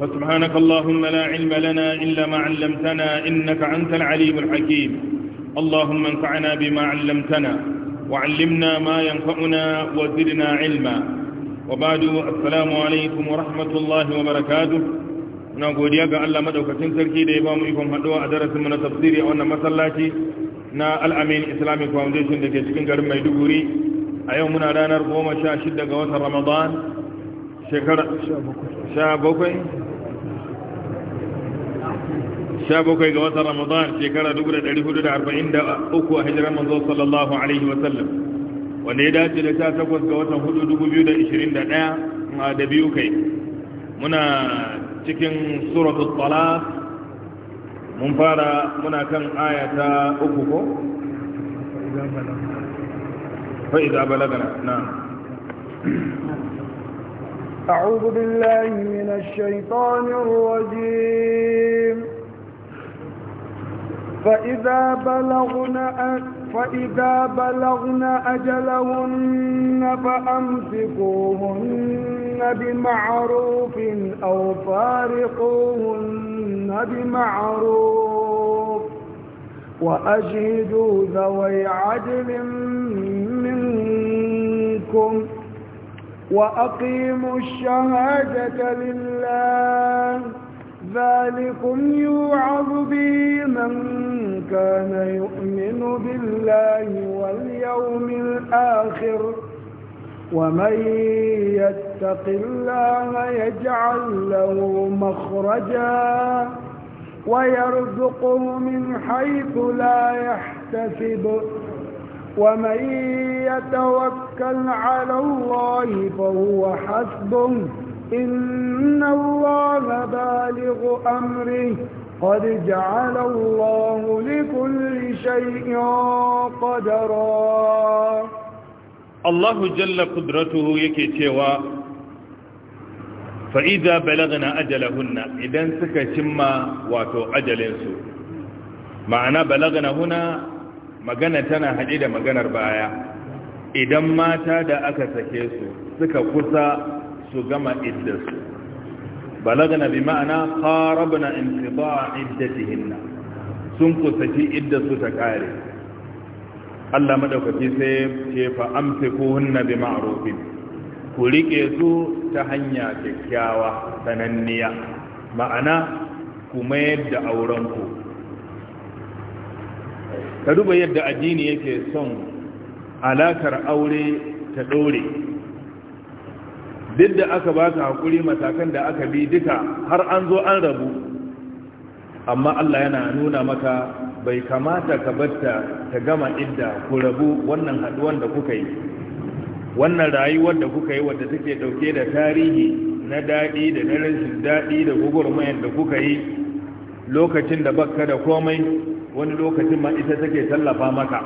وسبحانك اللهم لا علم لنا إلا ما علمتنا إنك أنت العليم الحكيم اللهم انفعنا بما علمتنا وعلمنا ما ينفعنا وزدنا علما وبعد السلام عليكم ورحمة الله وبركاته na godiya ga Allah madaukakin sarki da ya ba mu ikon haɗuwa a darasin mu na tafsiri a wannan masallaci na Al-Amin Islamic Foundation da ke cikin garin Maiduguri a yau muna ranar 16 ga watan Ramadan shekarar 17 17 ga watan Ramadan shekara 1443 a hijirar manzo sallallahu alaihi wa sallam wanda ya dace da 18 ga watan 4 2021 da biyu kai muna cikin suratul talaq mun fara muna kan aya uku ko fa idza balagana na أعوذ بالله من الشيطان الرجيم فإذا بلغن فإذا بلغنا أجلهن فأمسكوهن بمعروف أو فارقوهن بمعروف وأشهدوا ذوي عدل منكم وأقيموا الشهادة لله ذلكم يوعظ به من كان يؤمن بالله واليوم الآخر ومن يتق الله يجعل له مخرجا ويرزقه من حيث لا يحتسب ومن يتوكل على الله فهو حسبه إن الله بالغ أمره قد جعل الله لكل شيء قدرا الله جل قدرته يكي تيوى فإذا بلغنا أجلهن إذن سكشم واتو أجلنسو معنى بلغنا هنا magana tana haɗe da maganar baya idan mata da aka sake su suka su gama iddarsu balagana bi ma'ana qarabna inqida'a iddatihinna sun kusaci iddarsu ta ƙare. Allah madaukaki sai ce fa amsikuhunna bi ma'rufin ku riƙe su ta hanya kyakkyawa sananniya ma'ana ku mayar da aurenku ka duba yadda addini yake son alakar aure ta ɗore duk da aka ba ka hakuri matakan da aka bi duka har an zo an rabu amma Allah yana nuna maka bai kamata ka batta ta gama idda ku rabu wannan haduwan da kuka yi wannan rayuwar da kuka yi wadda take ɗauke da tarihi na daɗi da na rashin daɗi da gugurmayar da kuka yi lokacin da bakka da komai wani lokacin ma ita take tallafa maka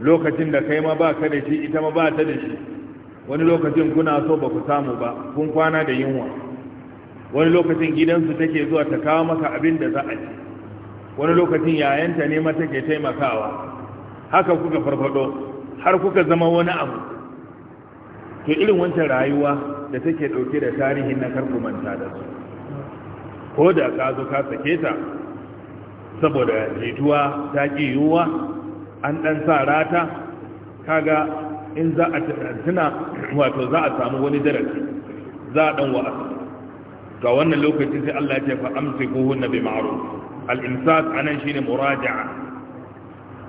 lokacin da kai ma ba da shi ita ma ba ta da shi wani lokacin kuna so ba ku samu ba kun kwana da yunwa wani lokacin gidansu take zuwa ta kawo maka abin da za a ci wani lokacin yayanta ne ma take taimakawa haka kuka farfado har kuka zama wani abu to irin wancan rayuwa da take ɗauke da tarihin na karku manta da su ko da ka zo ka sake ta saboda jituwa ta ƙi yiwuwa an ɗan sa rata kaga in za a tuna wato za a samu wani darasi za a dan wa'azi ga wannan lokacin sai Allah ya ce fa amsikuhunna bi ma'ruf al-imsak anan shine muraja'a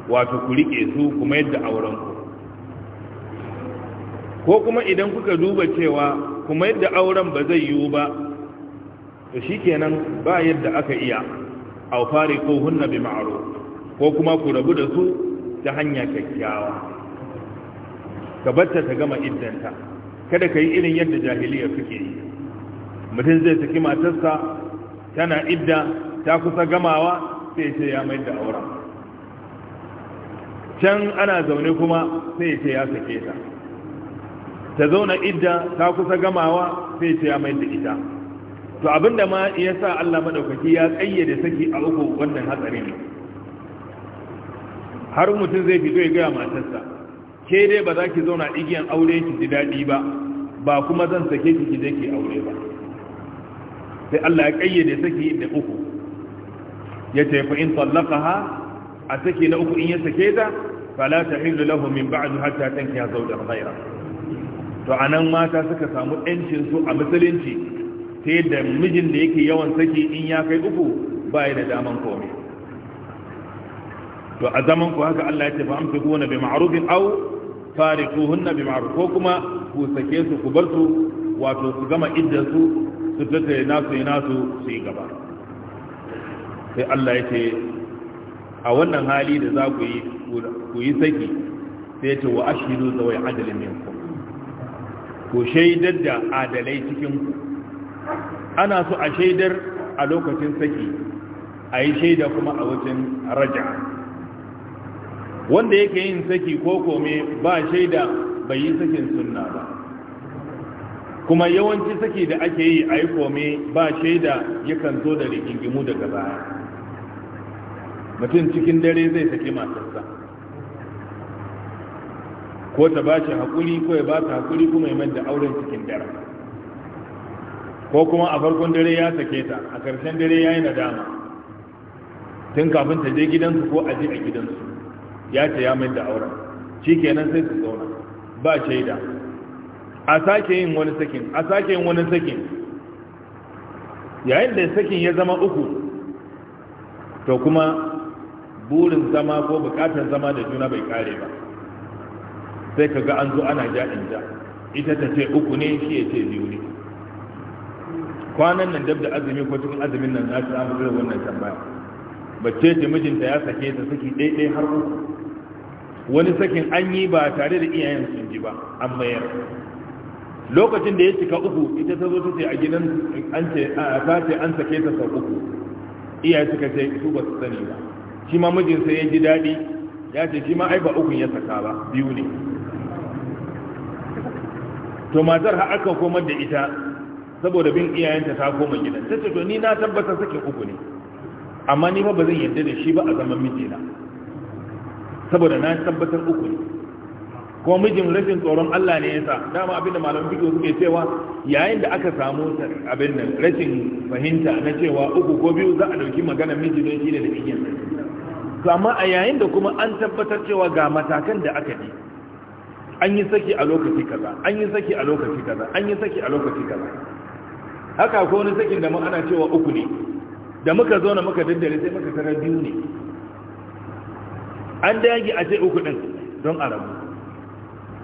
wato ku rike su kuma yadda auren ku ko kuma idan kuka duba cewa kuma yadda auren ba zai yiwu ba to shikenan ba yadda aka iya aw fariquhunna bi ma'ruf ko kuma ku rabu da su ta hanya kyakkyawa ka ta gama iddanta kada ka yi irin yadda jahiliya suke yi mutum zai saki matarsa tana idda ta kusa gamawa sai ce ya mai da auren can ana zaune kuma sai ce ya sake ta ta zauna idda ta kusa gamawa sai ce ya mai da ita to abinda ma ya sa Allah madaukaki ya kayyade saki a uku wannan hatsari ne har mutum zai fito ya gaya matarsa ke dai ba za ki zauna igiyan aure ki ji daɗi ba ba kuma zan sake ki ki aure ba sai Allah ya kayyade saki da uku ya ce fa in tallaqaha a saki na uku in ya sake ta fala tahillu lahu min ba'd hatta tankiya zawjan ghayra to anan mata suka samu ɗancin su a musulunci ta da mijin da yake yawan saki in ya kai uku ba ya da daman komai to a zaman ku haka Allah ya ce fa amsu na bi ma'rufin aw fariquhunna bi ma'ruf ko kuma ku sake su ku bar su wato su gama iddar su su tattare nasu yi nasu su yi gaba sai Allah ya ce a wannan hali da za ku yi ku yi saki sai ya ce wa ashidu zawai adalin minkum ku shaidar da adalai cikin ku ana so a shaidar a lokacin saki a yi shaida kuma a wajen raja'a wanda yake yin saki ko kome ba shaida bai yi sakin sunna ba kuma yawanci saki da ake yi a yi kome ba shaida yakan zo da rigingimu daga baya mutum cikin dare zai saki matarsa ko ta ba shi haƙuri ko ya ba ta haƙuri kuma ya manta auren cikin dare ko kuma a farkon dare ya sake ta a ƙarshen dare ya yi nadama tun kafin ta je gidansu ko a je a gidansu ya ce ya mai da auren kenan sai su zauna ba shaida a sake yin wani sakin a sake yin wani sakin yayin da sakin ya zama uku to kuma burin zama ko bukatar zama da juna bai kare ba sai ka ga an zo ana ja in ja ita ta ce uku ne shi ya ce biyu ne kwanan nan dab da azumi ko cikin azumin nan na samu zai wannan tambaya bacce ce mijinta ya sake ta saki ɗaiɗai har uku wani sakin an yi ba tare da iyayen sun ji ba an mayar lokacin da ya cika uku ita ta zo ta ce a gidan an ce ta ce an sake ta sau uku iyaye suka ce su ba su sani ba shi ma mijinsa ya ji daɗi ya ce shi ma ai ba uku ya saka ba biyu ne to matar har aka komar da ita saboda bin iyayenta ta koma gidan ta ce to ni na tabbata sakin uku ne amma ni fa ba zan yarda da shi ba a zaman mijina saboda na tabbatar uku ne kuma mijin rashin tsoron Allah ne yasa dama abinda malamin fiqh suke cewa yayin da aka samu abin nan rashin fahimta na cewa uku ko biyu za a dauki magana miji don shine da igiyan to amma a yayin da kuma an tabbatar cewa ga matakan da aka bi an yi saki a lokaci kaza an yi saki a lokaci kaza an yi saki a lokaci kaza haka ko wani sakin da mu ana cewa uku ne da muka zo na muka daddare sai muka tarar biyu ne an dage a ce uku din don a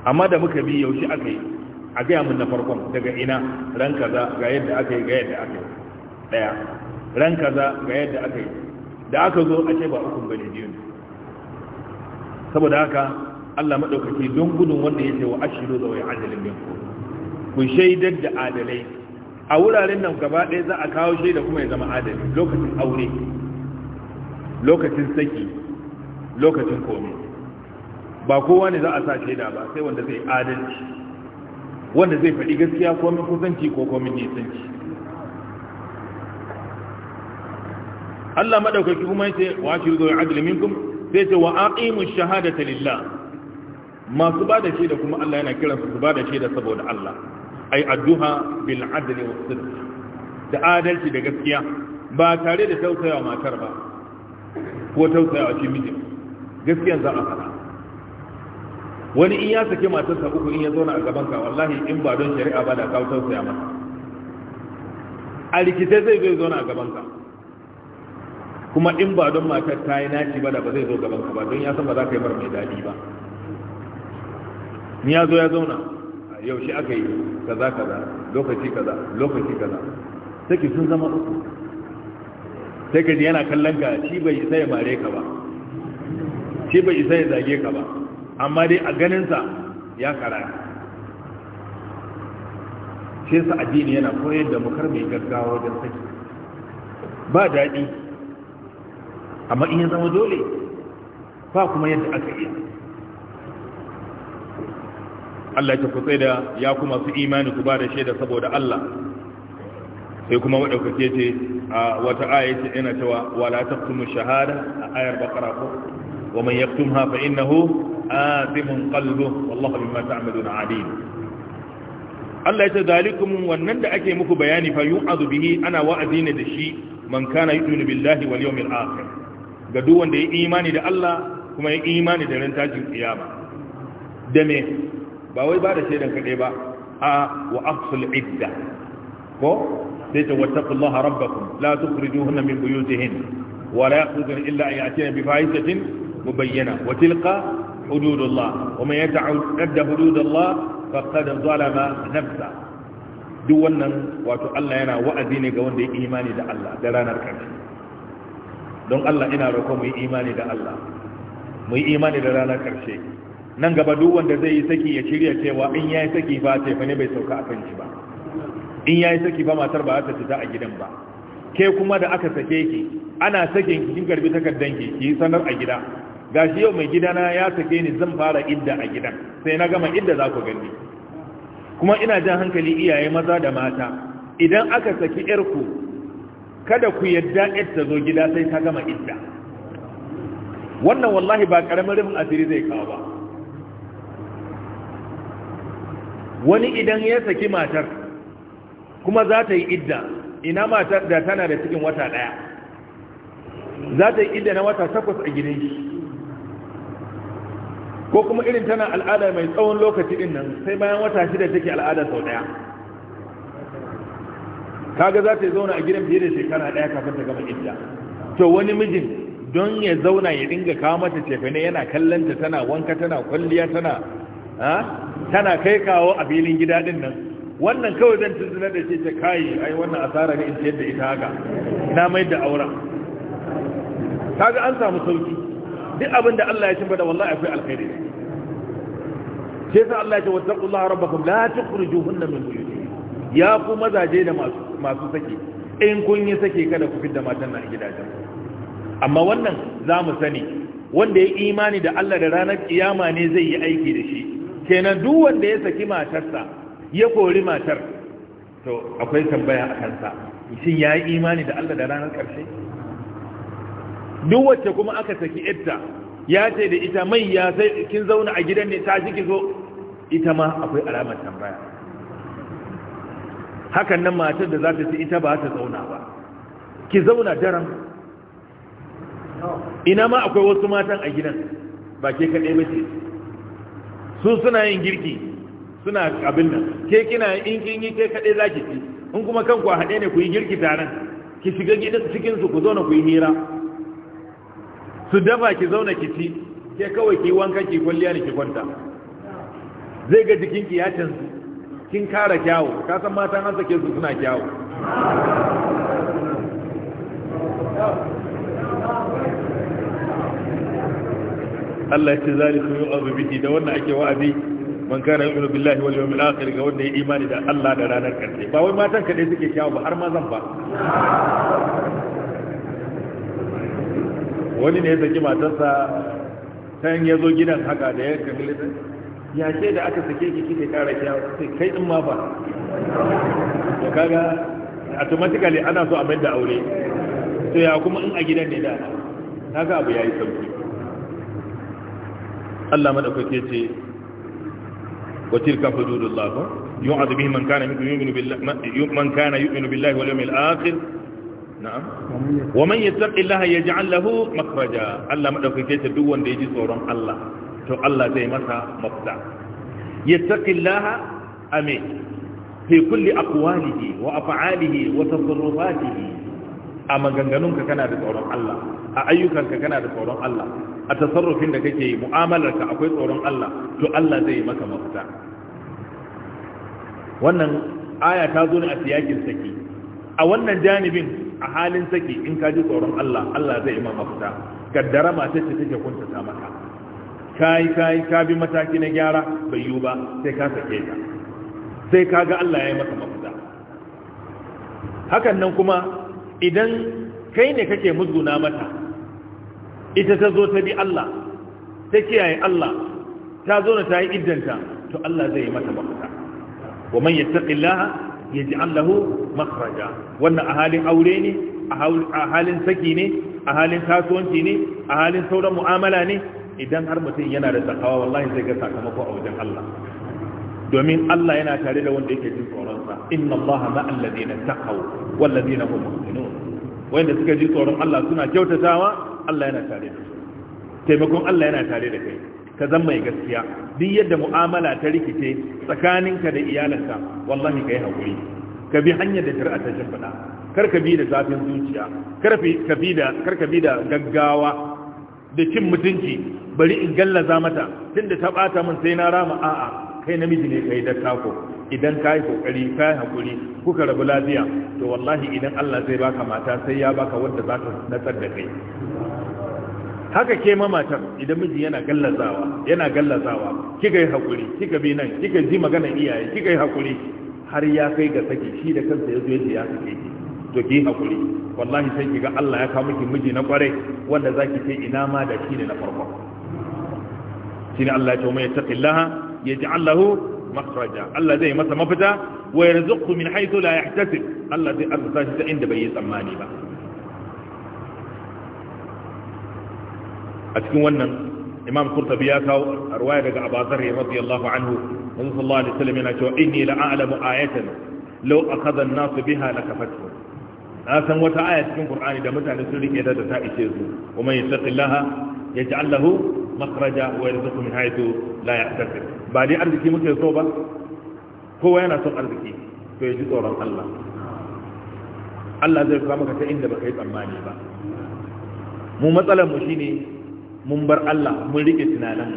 amma da muka bi yaushe aka yi a gaya mun na farkon daga ina ran kaza ga yadda aka yi ga yadda aka yi daya ran kaza ga yadda aka yi da aka zo a ce ba ukun bane biyu ne saboda haka Allah madaukaki don gudun wanda ya ce wa ashiru da wai adalin min ku shaidar da adalai a wuraren nan gaba ɗaya za a kawo shaida kuma ya zama adali lokacin aure lokacin saki lokacin komi ba kowa ne za a sa shaida ba sai wanda zai adalci wanda zai faɗi gaskiya komin kusanci ko komin nisanci Allah maɗaukaki kuma ya ce wa shi zo da adl minkum sai ce wa aqimu shahadata lillah masu ba da shaida kuma Allah yana kiran su ba da shaida saboda Allah ai adduha bil adli was sidq da adalci da gaskiya ba tare da tausayawa matar ba ko tausayawa shi mijin gaskiyan za a fara wani in ya saki matarsa uku in ya zauna a gaban ka wallahi in ba don shari'a ba da kawo tausaya masa a rikice zai zo zauna a gaban ka kuma in ba don matar ta yi naci ba da ba zai zo gaban ka ba don ya san ba za ka yi bar mai daɗi ba ni ya zo ya zauna yau shi aka yi kaza kaza lokaci kaza lokaci kaza ki sun zama uku sai ka ji yana kallon ka shi bai sai ya bare ka ba shi bai isa ya zage ka ba amma dai a ganinsa ya karaya shi sa addini yana koyar da mukar mai gaggawa wajen saki ba daɗi amma in ya zama dole ba kuma yadda aka iya Allah ya da ya kuma su imani ku ba da shaida saboda Allah sai kuma waɗaukake ce a wata aya ina yana cewa wala shahada a ayar bakara. ko ومن يكتمها فإنه آثم قلبه والله بما تعملون عليم Allah ya ce zalikum wannan da ake muku bayani fa yu'azu bihi ana wa'azi ne da shi man kana yu'minu billahi wal yawmil akhir ga duk wanda ya imani da Allah kuma ya imani da ran tashin kiyama da ba wai ba da shedan kadai ba a wa idda ko sai ta min illa مبينة وتلك حدود الله ومن يتعد حدود الله فقد ظلم نفسه duk wannan wato Allah yana wa'azi ne ga wanda ya imani da Allah da ranar ƙarshe don Allah ina roƙo mu yi imani da Allah mu yi imani da ranar ƙarshe nan gaba duk wanda zai yi saki ya shirya cewa in ya yi saki ba ta ne bai sauka a kan shi ba in ya yi saki ba matar ba za ta fita a gidan ba ke kuma da aka sake ki ana sakin ki kin karbi takardan ki ki sanar a gida gashi yau mai gidana ya sake ni zan fara idda a gidan sai na gama idda za ku gani kuma ina jan hankali iyaye maza da mata idan aka saki yarku kada ku yadda yar ta zo gida sai ta gama idda wannan wallahi ba karamin rufin asiri zai kawo ba wani idan ya saki matar kuma za ta yi idda ina matar da tana da cikin wata daya za ta yi idda na wata takwas a gidan shi ko kuma irin tana al'ada mai tsawon lokaci din nan sai bayan wata shida take al'ada sau daya kaga za ta zauna a gidan fiye da shekara daya kafin ta gama idda to wani mijin don ya zauna ya dinga kawo mata ne yana kallanta tana wanka tana kwalliya tana tana kai kawo a filin gida din nan wannan kawai zan tuntunar da ce ta kayi ai wannan asara ne in ce yadda ita haka na mai da aura kaga an samu sauki duk abin da Allah ya shimfa da wallahi akwai alkhairi sai sa Allah ya ce wattaqullaha rabbakum la tukhrijuhunna min buyutihinna ya ku mazaje da masu masu saki in kun yi sake kada ku fidda matan nan a gidajen amma wannan za mu sani wanda ya imani da Allah da ranar kiyama ne zai yi aiki da shi kenan duk wanda ya saki matarsa ya kori matar to akwai tambaya a kansa shin ya yi imani da Allah da ranar ƙarshe duk wacce kuma aka saki ita ya ce da ita mai ya sai kin zauna a gidan ne ta ji ki zo ita ma akwai alamar tambaya hakan nan matar da za ta ci ita ba ta zauna ba ki zauna daram ina ma akwai wasu matan a gidan ba ke kaɗai ba ce su suna yin girki suna abin nan ke kina in kin yi ke kaɗai za ki ci in kuma kanku a haɗe ne ku yi girki taron ki shiga gidan cikinsu ku zo na ku yi hira su dafa ki zauna ki ci ke kawai ki wanka ki kwalliya ne ki kwanta zai ga jikin ki ya canzu kin kara kyawu ka san matan an sake su suna kyawu Allah ya ce zaliku yu'azu bihi da wannan ake wa'azi man kana yu'minu billahi wal yawmil akhir ga wanda ya imani da Allah da ranar karshe ba wai matan kadai suke kyawu ba har mazan ba wani ne ya saki matarsa ta yin ya gidan haka da ya kalli ya ce da aka sake ki kike kara kya sai kai din ma ba to kaga automatically ana so a mai da aure to ya kuma in a gidan ne da kaga abu yayi sauki Allah madaukake ce wa tilka hududullah yu'adhu man kana yu'minu billahi man kana yu'minu billahi wal yawmil akhir na'am wa man yattaqillaha yaj'al lahu makhraja Allah madaukake ta duk wanda yaji tsoron Allah to Allah zai masa mafita yattaqillaha ame fi kulli aqwalihi wa af'alihi wa tasarrufatihi a maganganunka kana da tsoron Allah a ayyukanka kana da tsoron Allah a tasarrufin da kake mu'amalarka akwai tsoron Allah to Allah zai maka mafita wannan aya ta zo ne a siyakin saki a wannan janibin a halin saki in ka ji tsoron Allah Allah zai ma mafita kaddara mace ce take kunta ta maka kai kai ka bi mataki na gyara bai yiwu ba sai ka sake ta sai ka ga Allah ya yi maka mafita hakan nan kuma idan kai ne kake musguna mata ita ta zo ta bi Allah ta kiyaye Allah ta zo na ta yi iddanta to Allah zai yi mata mafita wa man yattaqillaha yaj'al Allahu makaraja. wannan a halin aure ne a halin saki ne a halin kasuwanci ne a halin sauran mu'amala ne idan har mutum yana da takawa wallahi zai ga sakamako a wajen Allah domin Allah yana tare da wanda yake jin tsoron sa inna Allaha ma'al ladina taqaw wal ladina hum muhsinun wanda suka ji tsoron Allah suna kyautatawa Allah yana tare da su taimakon Allah yana tare da kai ka zan mai gaskiya duk yadda mu'amala ta rikice tsakaninka da iyalanka wallahi ka yi haƙuri ka bi hanyar da shari'a ta shimfiɗa kar ka bi da zafin zuciya kar ka bi da gaggawa da cin mutunci bari in gallaza mata tunda ta ɓata min sai na rama a'a kai namiji ne kai da tako idan ka yi kokari ka hakuri kuka rabu lafiya to wallahi idan Allah zai baka mata sai ya baka wanda za ta nasar da kai haka ke ma idan miji yana gallazawa yana gallazawa kika yi hakuri kika bi nan kika ji magana iyaye kika yi hakuri har ya kai ga saki shi da kansa ya zo ya ya ki to ki hakuri wallahi sai kiga Allah ya kawo miki miji na kware wanda zaki ce ina ma da shi ne na farko shine Allah ya ce ya taqillaha yaj'al lahu makhraja Allah zai masa mafita wa yarzuqu min haythu la yahtasib Allah zai arzuta ta inda bai yi tsammani ba a cikin wannan imam kurtabi ya kawo arwaya daga abazar ya radiyallahu anhu wanda sallallahu alaihi wasallam yana cewa inni la a'lamu ayatan law akhadha an-nas biha lakafatu na san wata aya cikin qur'ani da mutane sun rike da ta ishe su wa man yattaqillaha yaj'al lahu makhraja wa yarzuqhu min haythu la yahtasib ba dai arziki muke so ba kowa yana son arziki to ya ji tsoron Allah Allah zai kawo maka ta inda baka yi tsammani ba mu matsalar mu shine mun bar Allah mun rike tunanin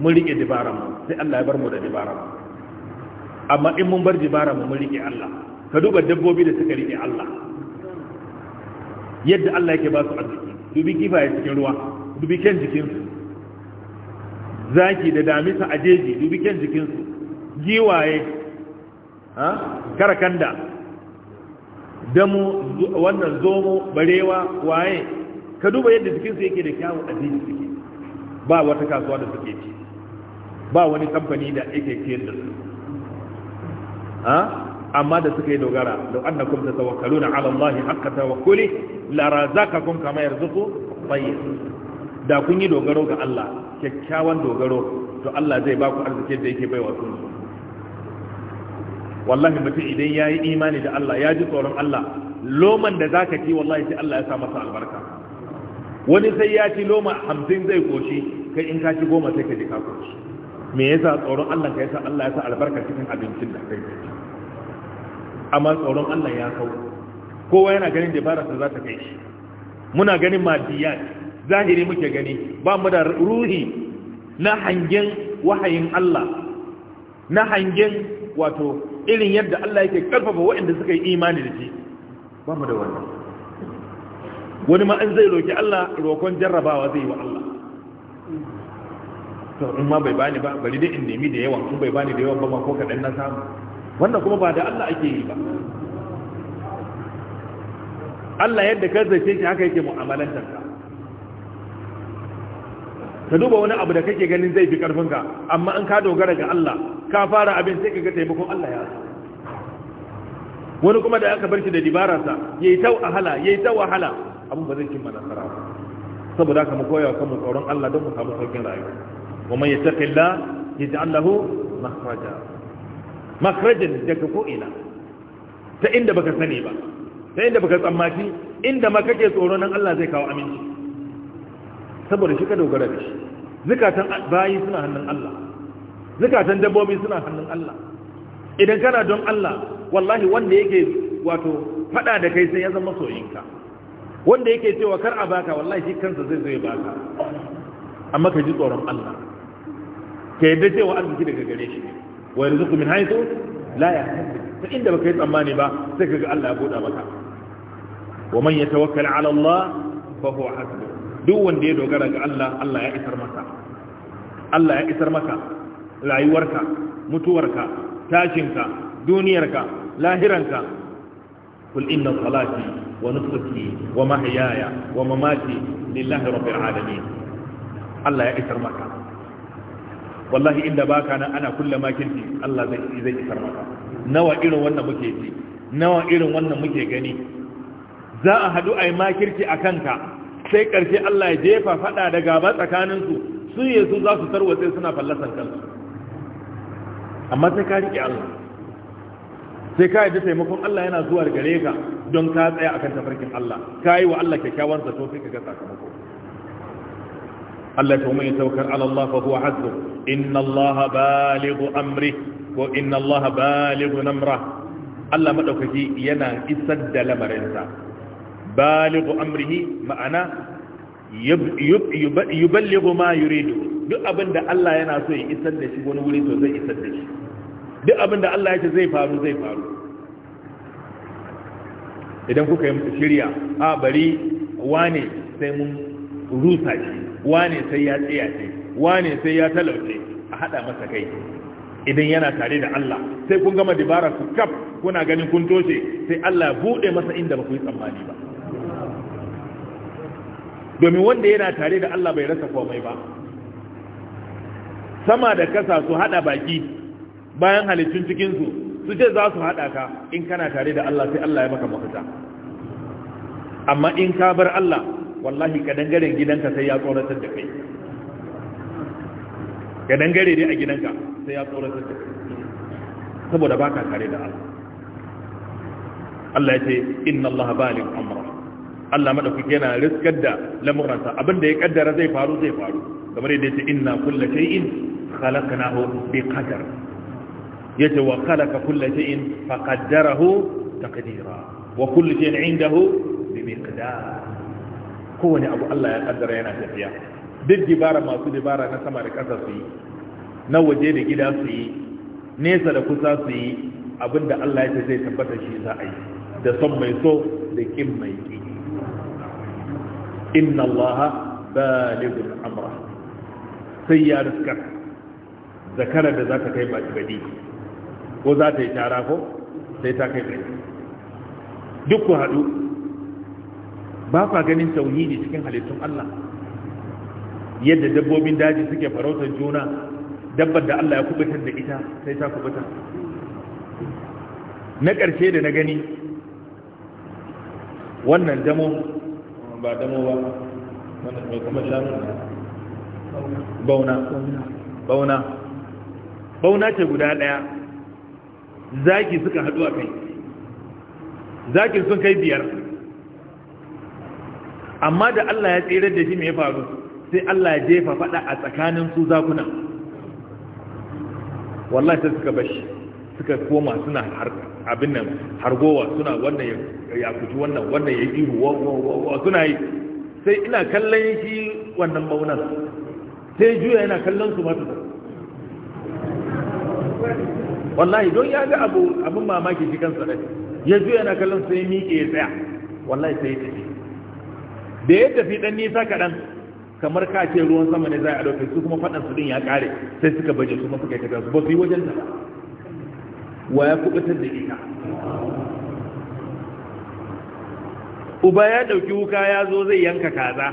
mun rike dibaran mu sai Allah ya bar mu da dibaran mu amma in mun bar dibaran mu mun rike Allah ka duba dabbobi da suka rike Allah yadda Allah yake ba su arziki dubi kifaye cikin ruwa dubi kyan jikinsu zaki da damisa a jeji dubi kyan jikinsu giwaye karakanda damu wannan zomo barewa waye ka duba yadda jikinsu yake da kyawun addini suke ba wata kasuwa da suke ci ba wani kamfani da yake ciyar da su amma da suka yi dogara da ta tawakkalu na Allah haqqa tawakkuli la razaqakum kama yarzuqu tayyib da kun yi dogaro ga Allah kyakkyawan dogaro to Allah zai ba ku arzikin da yake baiwa sun wallahi mutum idan yayi imani da Allah ya ji tsoron Allah loman da zaka ci wallahi sai Allah ya sa masa albarka wani sai ya ci loma hamsin zai koshi kai in ka ci goma sai ka ji ka koshi me yasa tsoron Allah ka yasa Allah ya sa albarka cikin abincin da kai amma tsoron Allah ya kawo kowa yana ganin dabara sa za ta kai shi muna ganin madiyat zahiri muke gani ba mu da ruhi na hangen wahayin Allah na hangen wato irin yadda Allah yake karfafa waɗanda suka yi imani da shi ba mu da wannan wani ma an zai roki Allah rokon jarrabawa zai wa Allah to in ma bai bani ba bari dai in nemi da yawan in bai bani da yawan ba ma ko kadan na samu wannan kuma ba da Allah ake yi ba Allah yadda ka zace shi haka yake mu'amalantar ka ka duba wani abu da kake ganin zai fi karfin ka amma an ka dogara ga Allah ka fara abin sai ka ga taimakon Allah ya wani kuma da aka bar shi da dibararsa yayi ta wahala yayi ta wahala abin ba zai cimma nasara ba saboda haka mu koya wa kanmu tsoron Allah don mu samu sauƙin rayuwa wa man yattaqilla yaj'al lahu makhraja makhrajan daga ko ina ta inda baka sani ba ta inda baka tsammaki inda ma kake tsoro nan Allah zai kawo aminci saboda shi ka dogara da shi zukatan bayi suna hannun Allah zukatan dabbobi suna hannun Allah idan kana don Allah wallahi wanda yake wato fada da kai sai ya zama soyinka wanda yake cewa kar a baka wallahi shi kansa zai zai baka amma ka ji tsoron Allah ka yadda cewa arziki daga gare shi wa yarzuqu min haythu la yahtasib ta inda baka yi tsammani ba sai kaga Allah ya buɗa maka wa man yatawakkal ala Allah fa huwa hasbuh duk wanda ya dogara ga Allah Allah ya isar maka Allah ya isar maka rayuwarka mutuwarka tashinka duniyarka lahiranka kul inna salati ونصفي ومحياي ومماتي لله رب العالمين الله يا إسر والله إلا باك أنا, أنا كل ما كنت الله زي, زي إسر نوى إلو وانا مكيتي نوى إلو وانا za a hadu a yi makirci a kanka sai ƙarshe Allah ya jefa faɗa da gaba tsakaninsu su yesu za su tarwatse suna fallasan amma sai ka riƙe sai ka yi da taimakon Allah yana zuwa gare ka don ka tsaya akan tafarkin Allah ka yi wa Allah kyakkyawan zato sai ka ga sakamako Allah ta umar ya saukar Allah fa huwa hazzu inna Allah balighu amri ko inna Allah balighu namra Allah madaukaki yana isar da lamarinsa balighu amrihi ma'ana yuballighu ma yuridu duk abinda Allah yana so ya isar da shi wani wuri to zai isar da shi duk abinda Allah ya ce zai faru zai faru idan kuka yi shirya a bari wane sai mun rusa shi wane sai ya tsaya ce wane sai ya talauce a hada masa kai idan yana tare da Allah sai kun gama dibara su kaf kuna ganin kun toshe sai Allah ya bude masa inda ba ku yi tsammani ba domin wanda yana tare da Allah bai rasa komai ba sama da kasa su hada baki bayan halittun cikinsu su ce za su haɗa ka in kana tare da Allah sai Allah ya maka mafita amma in ka bar Allah wallahi ka dangare gidanka sai ya tsoratar da kai ka dangare ne a gidanka sai ya tsoratar da kai saboda ba ka tare da Allah Allah ya ce inna Allah balig amra Allah madaukake yana riskar da lamuransa abinda ya kaddara zai faru zai faru kamar yadda ya ce inna kullu shay'in khalaqnahu bi qadar Ya ce wa khalaqa kulla in faƙaddarahu ta taqdira wa kullu shay'in indahu bi miqdar kowane abu Allah ya kaddara yana tafiya duk dibara masu dibara na sama da kasa su yi na waje da gida su yi nesa da kusa su yi abinda Allah ya ce zai tabbata shi za a yi da son mai so da kin mai ƙi. inna Allah balighul amra sai ya riskar zakara da za ta kai ba gadi ko za ta yi tara ko sai ta kai kai duk ku haɗu ba kwa ganin tauhidi cikin halittun Allah yadda dabbobin daji suke farautar juna dabbar da Allah ya kubutar da ita sai ta kubuta na ƙarshe da na gani wannan damo ba damo ba wannan mai kuma shanu bauna bauna bauna ce guda ɗaya zaki suka haɗu a kai zakin sun kai biyar amma da Allah ya tsere da shi mai faru sai Allah ya jefa faɗa a tsakanin su zakuna wallah sai suka bashi suka koma suna abin nan hargowa suna wannan ya kuci wannan wannan ya ihu wa suna yi sai ina kallon shi wannan maunan sai juya yana kallon su matuƙa wallahi don ya ga abu abin mamaki shi kansa ne ya zo yana kallon sai miƙe ya tsaya wallahi sai ya tafi da ya tafi dan nisa kaɗan kamar ka ce ruwan sama ne za a ɗauke su kuma faɗan su din ya ƙare sai suka baje su suka yi tafiya su ba su yi wajen ta wa ya kubutar da ita uba ya ɗauki wuka ya zo zai yanka kaza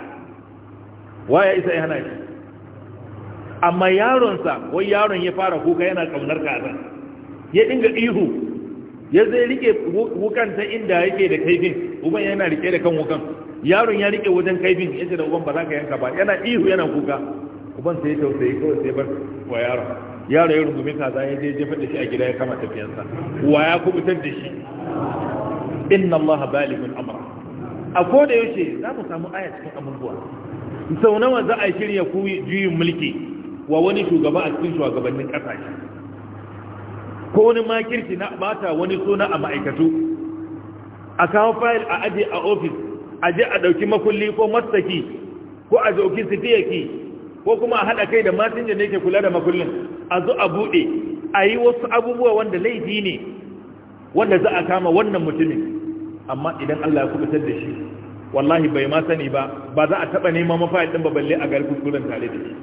wa ya isa ya hana shi amma yaronsa wai yaron ya fara kuka yana ƙaunar kaza ya dinga ihu ya zai rike wukan ta inda yake da kaifin uban yana rike da kan wukan yaron ya rike wajen kaifin yace da uban ba za ka yanka ba yana ihu yana kuka uban sai ya tausayi kawai sai bar wa yaro yaro ya rungume kaza ya je jefa da shi a gida ya kama tafiyansa wa ya kubutar da shi inna allaha balighun amra a ko da yaushe za mu samu aya cikin abubuwa sau nawa za a shirya juyin mulki wa wani shugaba a cikin shugabannin kasashe ko wani makirci na bata wani suna a ma'aikatu a kawo fayil a aje a ofis a je a ɗauki makulli ko mastaki ko a dauki sitiyaki ko kuma a haɗa kai da masinja ne ke kula da makullin a zo a buɗe a yi wasu abubuwa wanda laifi ne wanda za a kama wannan mutumin amma idan Allah ya kubutar da shi wallahi bai ma sani ba ba za a taɓa nema mafayil ɗin ba balle a garkuskuren tare da shi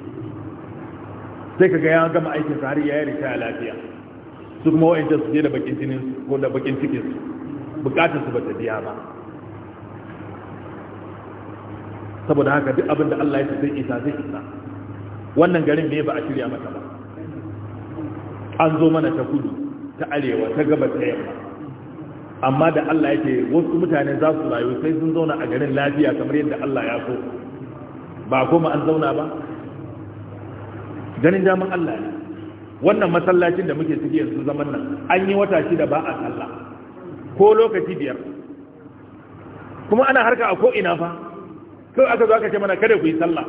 sai ka ga ya gama aikinsa har ya yi rita lafiya su kuma wa'ancan su je da bakin jinin ko da bakin cikin su bukatar su bata biya ba saboda haka duk abin da Allah ya ce sai isa zai isa wannan garin me ba a shirya mata ba an zo mana ta kudu ta arewa ta gaba ta yamma amma da Allah ya ce wasu mutane za su rayu sai sun zauna a garin lafiya kamar yadda Allah ya so ba kuma an zauna ba ganin daman Allah ne wannan masallacin da muke ciki yanzu zaman nan an yi wata shida ba a sallah ko lokaci biyar kuma ana harka a ko ina fa kawai aka zo aka ce mana kada ku yi sallah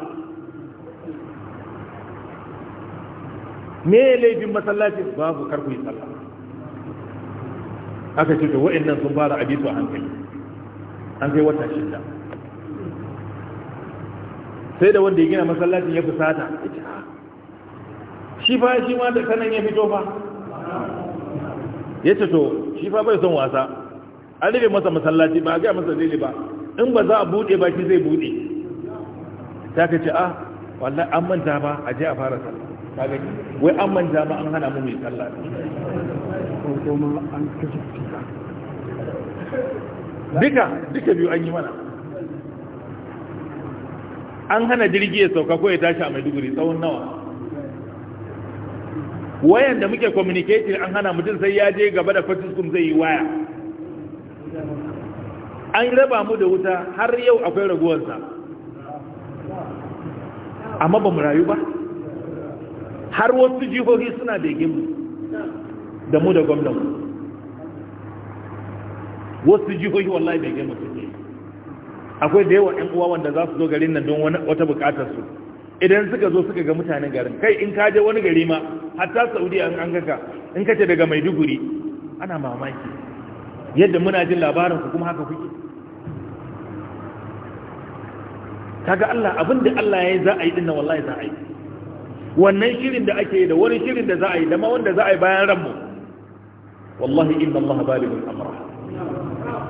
me laifin masallaci babu kar ku yi sallah aka ce to wa'annan sun fara abisu a hankali an kai wata shida sai da wanda ya gina masallacin ya fusata ya shi fa shi ma da kanan ya fito fa ya ce to shi fa bai son wasa an rufe masa masallaci ba a masa daidai ba in ba za a buɗe ba shi zai buɗe ta ka ce ah wallahi an manta ba a je a fara sallah ta gani wai an manta ba an hana mu mai sallah duka duka biyu an yi mana an hana jirgi ya sauka ko ya tashi a maiduguri tsawon nawa wayan da muke communicating an hana mutum sai ya je gaba da fatiskum zai yi waya an raba mu da wuta har yau akwai raguwarsa amma ba mu rayu ba har wasu jihohi suna bege mu da mu da gwamnan wasu jihohi wallahi bege mu suke akwai da yawa 'yan uwa wanda za su zo garin nan don wata bukatar su idan suka zo suka ga mutanen garin kai in ka je wani gari ma hatta saudi an an gaka in kace daga maiduguri ana mamaki yadda muna jin labarin ku kuma haka kuke kaga Allah abinda Allah ya yi za a yi dinna wallahi za a yi wannan shirin da ake yi da wani shirin da za a yi da ma wanda za a yi bayan ranmu wallahi inna Allah balighul amra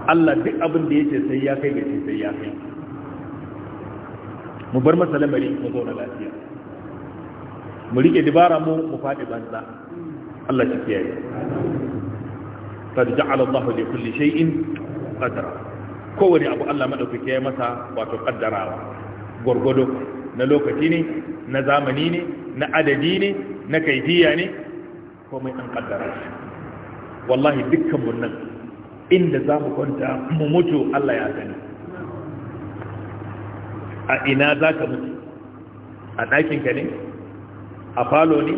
Allah duk abin da yake sai ya kai ga sai ya kai mu bar masa lamari mu na lafiya mu rike dibara mu mu faɗi banza Allah shi kiyaye qad ja'ala Allahu li kulli shay'in qadara wani abu Allah madaukake ya masa wato kaddarawa gurgudu na lokaci ne na zamani ne na adadi ne na kaifiya ne komai an kaddara shi wallahi dukkan mun nan inda za mu kwanta mu mutu Allah ya gani. a ina za ka mutu a ɗakinka ne a falo ne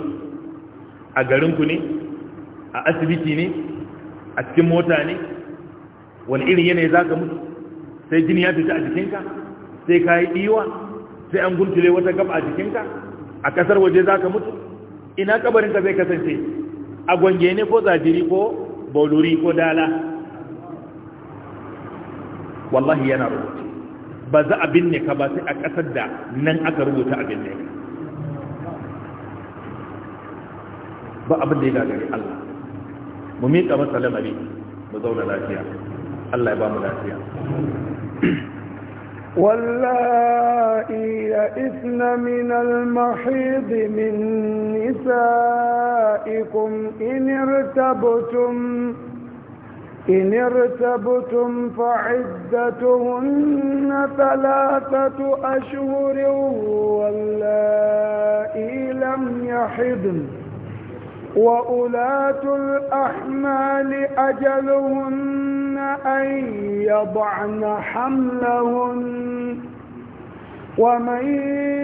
a garinku ne a asibiti ne a cikin mota ne wani irin yanayi za ka mutu sai jini ya fita a jikinka sai ka yi iwa sai an guntule wata gaba a jikinka a kasar waje za ka mutu ina kabarinka zai kasance a gwange ne ko zajiri ko bauluri ko dala wallahi yana rubuce ba za a binne ka ba sai a kasar da nan aka rubuta a binne ka ba abin da ya gagari Allah mu miƙa masa lamari mu zauna lafiya Allah ya ba mu lafiya wallahi ya isna min al-mahid min nisa'ikum in irtabtum إن ارتبتم فعدتهن ثلاثة أشهر واللائي لم يحضن وأولاة الأحمال أجلهن أن يضعن حملهن ومن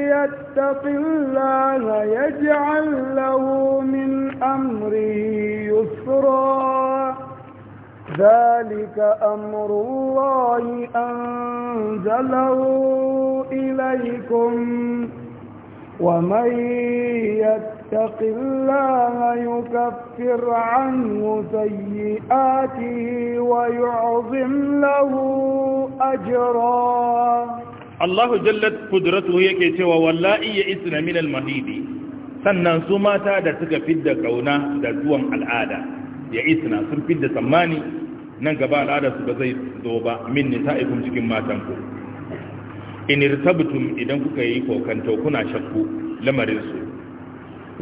يتق الله يجعل له من أمره يسرا ذلك أمر الله أنزله إليكم ومن يتق الله يكفر عنه سيئاته ويعظم له أجرا الله جلت قدرته يكي سوى واللائي من المهيد sannan su mata da suka fidda ƙauna da zuwan al'ada ya isna sun fidda tsammani nan gaba al'ada su ba zai zo ba min nisa'ikum cikin matanku in irtabtum idan kuka yi kokanto kuna shakku lamarin su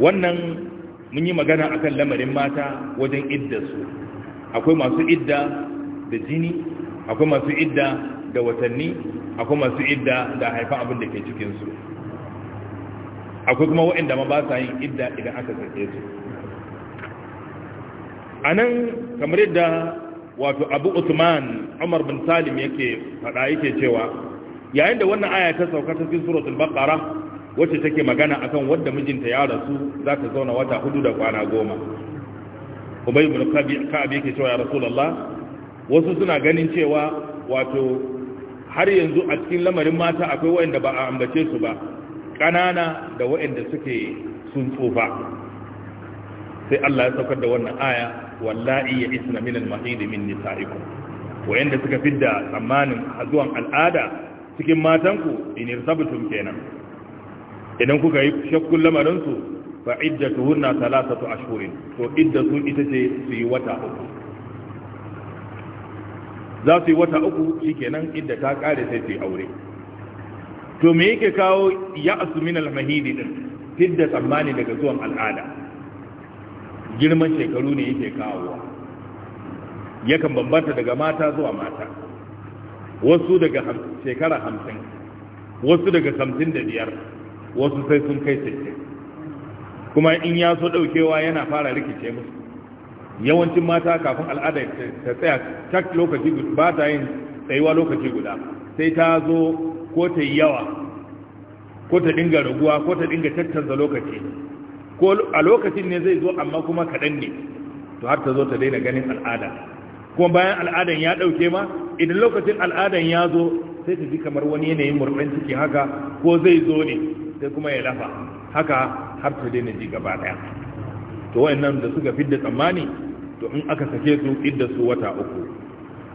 wannan mun yi magana akan lamarin mata wajen idda su akwai masu idda da jini akwai masu idda da watanni akwai masu idda da haifan abin da ke cikin su akwai kuma waɗanda ma ba sa yin idda idan aka sake su a kamar yadda wato abu usman umar bin salim yake faɗa yake cewa yayin da wannan aya ta sauka ta cikin suratul baqara wacce take magana akan wanda mijinta ya rasu za ta zauna wata hudu da kwana goma ubay ibn ka'ab yake cewa ya rasulullah wasu suna ganin cewa wato har yanzu a cikin lamarin mata akwai wayanda ba a ambace su ba kanana da wanda suke sun tsufa sai Allah ya saukar da wannan aya wallahi ya isna min al-mahid min nisa'ikum wayanda suka fidda tsammanin zuwan al'ada cikin matanku in irtabtum kenan idan kuka yi shakkun lamarin su fa iddatuhunna thalathatu ashhurin to iddatu ita ce su yi wata uku za su yi wata uku shikenan idda ta kare sai su aure to me yake kawo ya min al-mahidi din fidda tsammani daga zuwan al'ada girman shekaru ne yake kawowa yakan bambanta daga mata zuwa mata wasu daga shekara hamsin wasu daga hamsin da biyar wasu sai sun kai sittin kuma in ya so ɗaukewa yana fara rikice musu yawancin mata kafin al'ada ta tsaya tak lokaci ba ta yin tsayuwa lokaci guda sai ta zo ko ta yi yawa ko ta dinga raguwa ko ta dinga tattanza lokaci ko a lokacin ne zai zo amma kuma kaɗan ne to har ta zo ta daina ganin al'ada kuma bayan al'adan ya ɗauke ma idan lokacin al'adan ya zo sai ta ji kamar wani yanayin murɗin ciki haka ko zai zo ne sai kuma ya lafa haka har ta daina ji gaba ɗaya to wayannan da suka fidda tsammani to in aka sake su idda su wata uku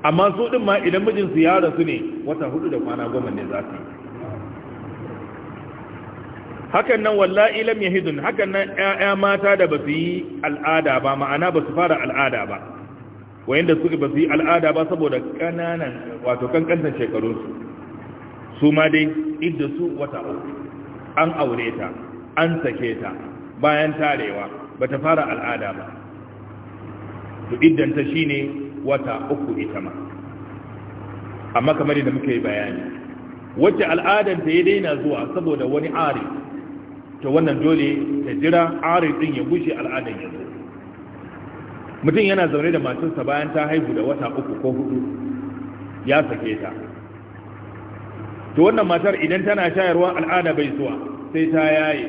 amma su din ma idan mijinsu ya rasu ne wata hudu da kwana goma ne za su hakan nan wallahi lam yahidun hakan nan ƴaƴa mata da basu yi al'ada ba ma'ana basu fara al'ada ba da su ba su yi al'ada ba saboda kananan wato kankantar shekarunsu su ma dai idda su wata uku an aure ta an sake ta bayan tarewa ba ta fara al'ada ba to iddanta shine wata uku ita ma amma kamar yadda muke bayani wacce ta ya daina zuwa saboda wani ari to wannan dole ta jira ari din ya gushe al'adan ya zo mutum yana zaune da matarsa bayan ta haihu da wata uku ko hudu ya sake ta to wannan matar idan tana shayarwa al'ada bai zuwa sai ta yaye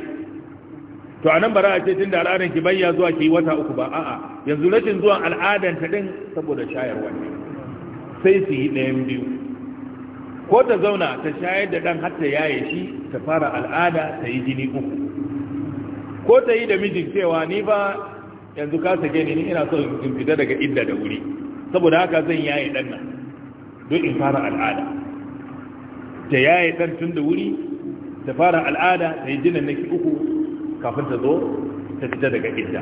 to anan bara a ce tunda al'adan ki bayya zuwa ki wata uku ba a'a yanzu rashin zuwa al'adan ta din saboda shayarwa sai su yi ɗayan biyu ko ta zauna ta shayar da ɗan har ta yaye shi ta fara al'ada ta yi jini uku ko ta yi da mijin cewa ni ba yanzu ka sake ni ina so in fita daga idda da wuri saboda haka zan yaye dan nan don in fara al'ada ta yaye dan tun da wuri ta fara al'ada ta yi jinan naki uku kafin ta zo ta fita daga idda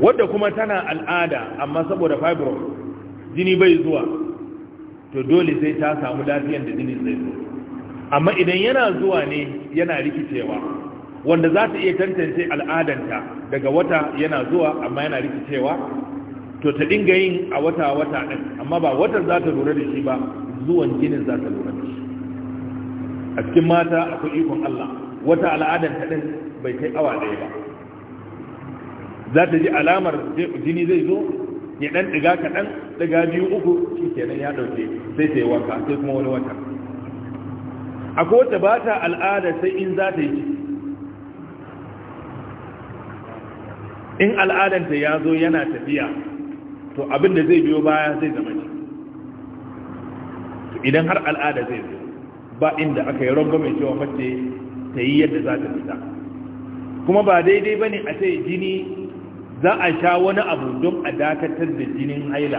wadda kuma tana al'ada amma saboda fibro jini bai zuwa to dole sai ta samu lafiyar da jini zai zo amma idan yana zuwa ne yana rikicewa wanda za ta iya tantance al'adanta daga wata yana zuwa amma yana rikicewa to ta dinga yin a wata wata ɗin amma ba watan za ta lura da shi ba zuwan jinin za ta lura da shi a cikin mata akwai ikon Allah wata al'adanta ɗin bai kai awa ɗaya ba za ta ji alamar jini zai zo ya ɗan ɗiga kaɗan ɗiga biyu uku shi kenan ya ɗauke sai ta yi wanka sai kuma wani wata akwai wata ba ta al'ada sai in za ta yi ciki in al'adanta ya zo yana tafiya to abin da zai biyo baya zai zama to idan har al'ada zai zo ba inda aka yi rango mai cewa mace ta yi yadda za ta fita kuma ba daidai ba ne a ce jini za a sha wani abu don a dakatar da jinin haila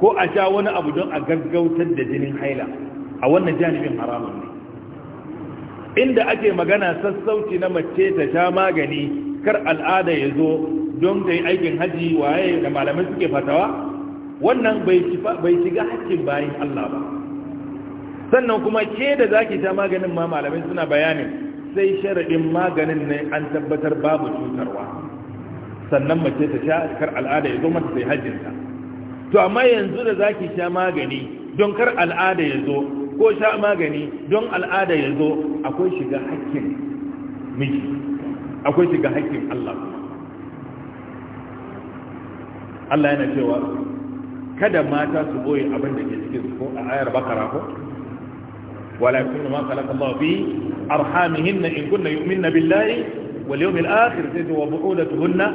ko a sha wani abu don a gaggautar da jinin haila a wannan janibin haramun ne inda ake magana sassauci na mace ta sha magani kar al'ada ya zo don da aikin haji waye da malamai suke fatawa wannan bai shiga hakkin bayan Allah ba sannan kuma ke da zaki ta maganin ma malamai suna bayanin sai sharaɗin maganin ne an tabbatar babu cutarwa sannan mace ta sha kar al'ada ya zo mata sai hajjinta to amma yanzu da zaki sha magani don kar al'ada ya zo ko sha magani don al'ada ya zo akwai shiga hakkin miji akwai shiga haƙƙin Allah Allah yana cewa kada mata su boye abin da ke cikin ko a ayar bakara ko wala yakunu ma khalaqa Allah fi arhamihin in kunna yu'minna billahi wal yawmil akhir sai wa bu'ulatuhunna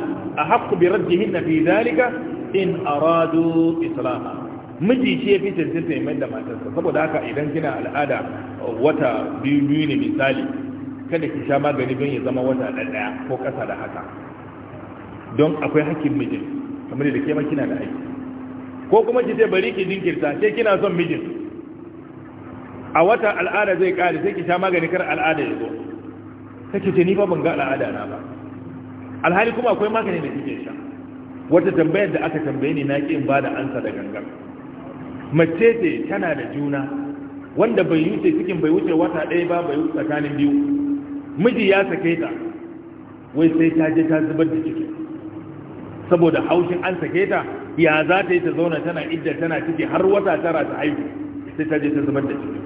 ahqqu bi raddihinna fi dhalika in aradu islaha miji ce fi cancanta ya mai da matarsa saboda haka idan kina al'ada wata biyu biyu ne misali kada ki sha magani don ya zama wata ɗaya ko ƙasa da haka don akwai hakkin mijin kamar da ke kina da aiki ko kuma ki ce bari ki jinkirta sai kina son mijin a wata al'ada zai kare sai ki sha magani kar al'ada ya zo sai ce ni fa ban ga al'ada na ba alhali kuma akwai magani da kike sha wata tambayar da aka tambaye ni na ki in bada ansa da gangan mace ce tana da juna wanda bai wuce cikin bai wuce wata ɗaya ba bai wuce tsakanin biyu miji ya sake ta wai sai ta je ta zubar da ciki saboda haushin an sake ta ya za ta yi ta zauna tana idda tana ciki har wata tara ta haihu sai ta je ta zubar da ciki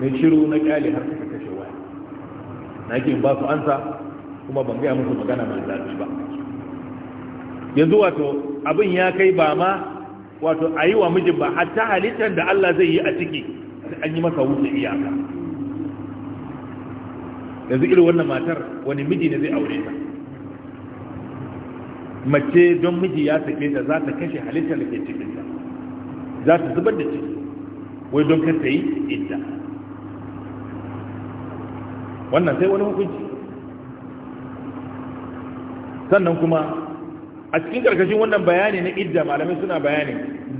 mai shiru na kyale har suka kashe waya na ke ba su ansa kuma ban gaya musu magana mai zafi ba yanzu wato abin ya kai ba ma wato a yi wa mijin ba hatta halittar da Allah zai yi a ciki an yi masa wuce iyaka yanzu irin wannan matar wani miji ne zai aure ta mace don miji ya sake ta za ta kashe halittar da ke cikinta za ta zubar da ciki wai don kar ta yi idda wannan sai wani hukunci sannan kuma a cikin karkashin wannan bayani na idda malamai suna bayani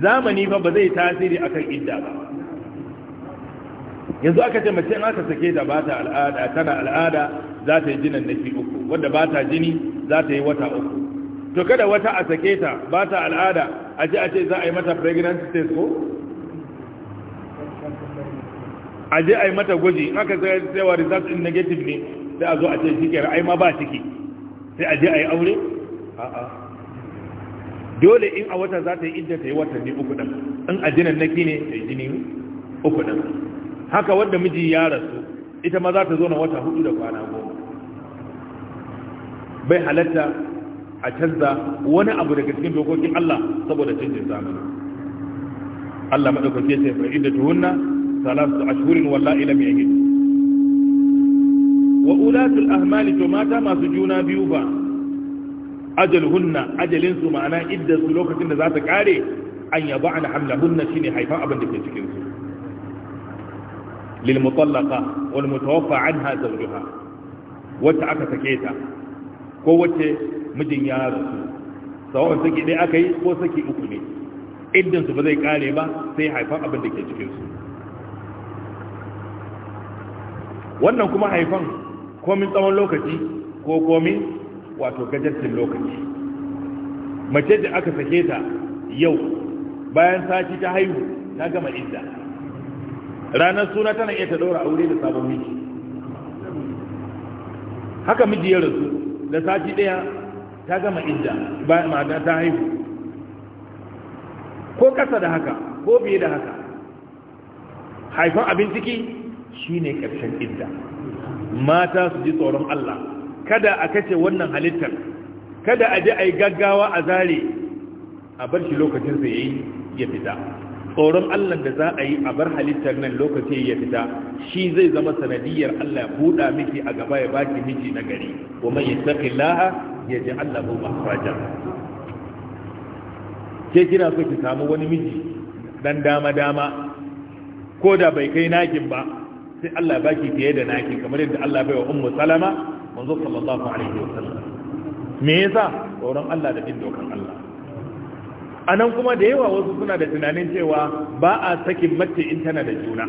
zamani fa ba zai tasiri akan idda ba yanzu aka ce mace in aka sake ta bata al'ada tana al'ada za ta yi jinan naki uku wanda ba ta jini za ta yi wata uku to kada wata a sake ta ba ta al'ada a ce a ce za a yi mata pregnancy test ko a je a yi mata gwaji in aka tsayawa result in negative ne sai a zo a ce shike ai ma ba ciki sai a je a yi aure a'a dole in a wata za ta yi idda ta yi watanni uku ɗan in a jinan naki ne ta yi jini uku ɗan haka wanda miji ya rasu ita ma za ta zo na wata hudu da kwana goma bai halatta a canza wani abu daga cikin dokokin Allah saboda canjin zamani Allah madaukake ce fa inda tuhunna salatu ashhurin wallahi lam yajid wa ulatul ahmali to mata masu juna biyu ba ajalhunna ajalin su ma'ana idda su lokacin da za ta kare an yaba an hamlahunna shine haifan abin da ke cikin su lil mutallaqa wal mutawaffa anha zawjuha wacce aka sake ta ko wacce mijin ya rasu sawon saki ɗaya aka yi ko saki uku ne iddin ba zai kare ba sai haifan abin da ke cikin wannan kuma haifan komin tsawon lokaci ko komin wato gajartin lokaci mace da aka sake ta yau bayan sati ta haihu ta gama idda ranar suna tana iya ta ɗora aure da sabon miji haka miji ya rasu da sati ɗaya ta gama idda ba ta haihu ko ƙasa da haka ko biye da haka haifan abin ciki shine ƙarshen idda mata su ji tsoron Allah kada a kace wannan halittar kada a ji a yi gaggawa a zare a bar shi lokacin sa yayi ya fita tsoron Allah da za a yi a bar halittar nan lokaci ya fita shi zai zama sanadiyar Allah ya buɗa miki a gaba ya baki miji na gari wa man yattaqillaha Allah lahu makhraja ke kina so ki samu wani miji dan dama dama ko da bai kai nakin ba sai Allah ya baki fiye da naki kamar yadda Allah bai wa ummu salama manzo sallallahu alaihi wasallam me yasa tsoron Allah da bin dokan Allah a nan kuma da yawa wasu suna da tunanin cewa ba a sakin mace in tana da juna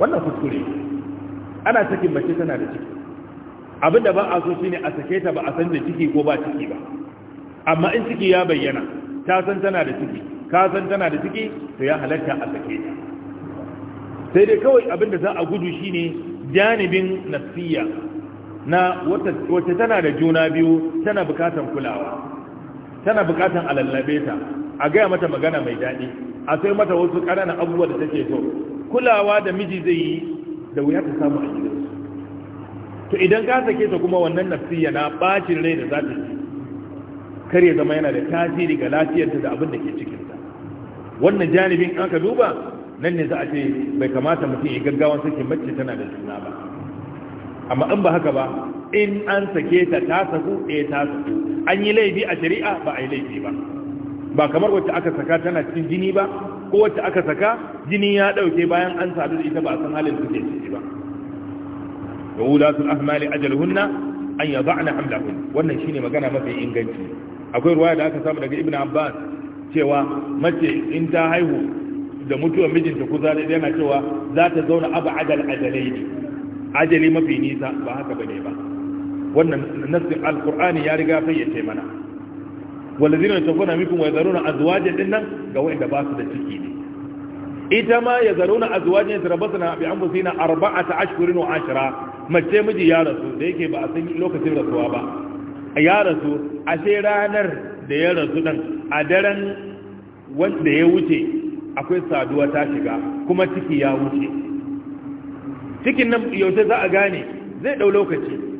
wannan kuskure ana sakin mace tana da ciki abinda ba a so ne a sake ta ba a san da ciki ko ba ciki ba amma in ciki ya bayyana ta san tana da ciki ka san tana da ciki to ya halatta a sake ta sai dai kawai abinda za a gudu ne janibin nafsiya na wata tana da juna biyu tana bukatan kulawa tana bukatan alallabe ta a gaya mata magana mai daɗi a sai mata wasu ƙananan abubuwa da take so kulawa da miji zai yi da wuya ta samu a gidansu to idan ka sake ta kuma wannan nafsiya na bacin rai da za ta ji kar ya zama yana da tasiri ga lafiyarta da abin da ke cikinta wannan janibin an ka duba nan ne za a ce bai kamata mutum ya gaggawa sake mace tana da juna ba amma in ba haka ba in an sake ta ta saku eh ta saku an yi laifi a shari'a ba a yi laifi ba ba kamar wacce aka saka tana cikin jini ba ko wacce aka saka jini ya dauke bayan an sadu da ita ba san halin suke ciki ba da wulatul ahmali ajaluhunna an yada'na hamlahun wannan shine magana mafi inganci akwai ruwaya da aka samu daga ibnu abbas cewa mace in ta haihu da mutuwar mijinta kuzari zare yana cewa za ta zauna abu ajal ajalai ajali mafi nisa ba haka bane ba wannan nassin alkur'ani ya riga fayyace mana walazina tafuna minkum wa yadharuna azwajan din nan ga wanda ba su da ciki ne ita ma ya yadharuna azwajan tarabbasna bi anfusina arba'ata ashirin wa ashra mace miji ya rasu da yake ba a san lokacin rasuwa ba ya rasu a sai ranar da ya rasu dan a daren wanda ya wuce akwai saduwa ta shiga kuma ciki ya wuce cikin nan yaushe za a gane zai ɗau lokaci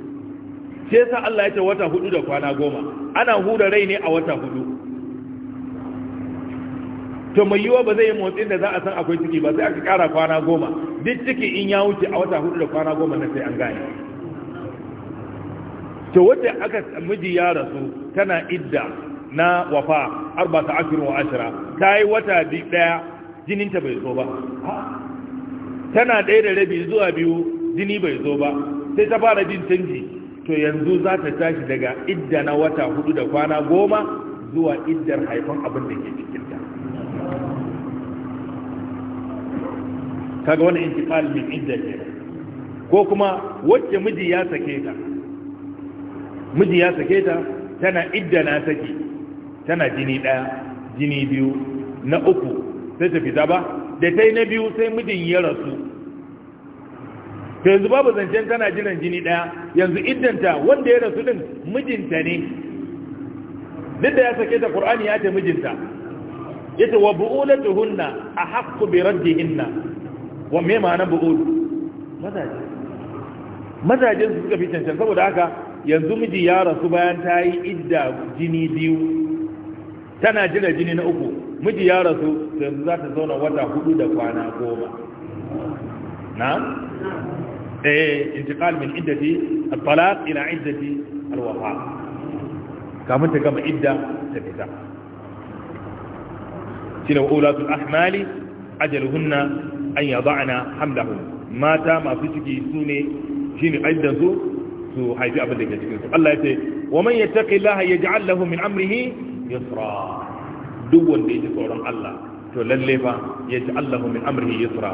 sai sa Allah ya ce wata hudu da kwana goma ana hura rai ne a wata hudu to mai yiwa ba zai yi motsin da za a san akwai ciki ba sai aka kara kwana goma duk ciki in ya wuce a wata hudu da kwana goma na sai an gane to wanda aka miji ya rasu tana idda na wafa arba ta ashirin wa ashira ta yi wata daya jininta bai zo ba tana ɗaya da rabi zuwa biyu jini bai zo ba sai ta fara jin canji to yanzu za ta tashi daga idda na wata hudu da kwana goma zuwa iddar haifan abin da ke cikinta kaga wani intikal min idda ke ko kuma wacce miji ya sake ta miji ya sake ta tana idda na sake tana jini daya jini biyu na uku sai ta fita ba da ta yi na biyu sai mijin ya rasu to yanzu babu zancen tana jiran jini daya yanzu iddanta wanda ya rasu din mijinta ne duk da ya sake ta qur'ani ya ce mijinta yace wa bu'ulatuhunna ahaqqu bi raddihinna wa me ma'ana bu'ul mazaje mazajen su suka fi cancan saboda haka yanzu miji ya rasu bayan ta yi idda jini biyu tana jira jini na uku miji ya rasu yanzu za ta zauna wata hudu da kwana goma na intiqal min iddati at-talaq ila iddati al-wafa kamun ta gama idda ta fita shine wa ulatu al-ahmali ajaluhunna an yada'na hamlahum mata ma fi ciki sune shine iddan su su haifi abin da ke cikin su Allah ya ce wa man yattaqillaha yaj'al lahu min amrihi yusra duk wanda ya ji tsoron Allah to lalle fa ya ji Allah min amrihi yusra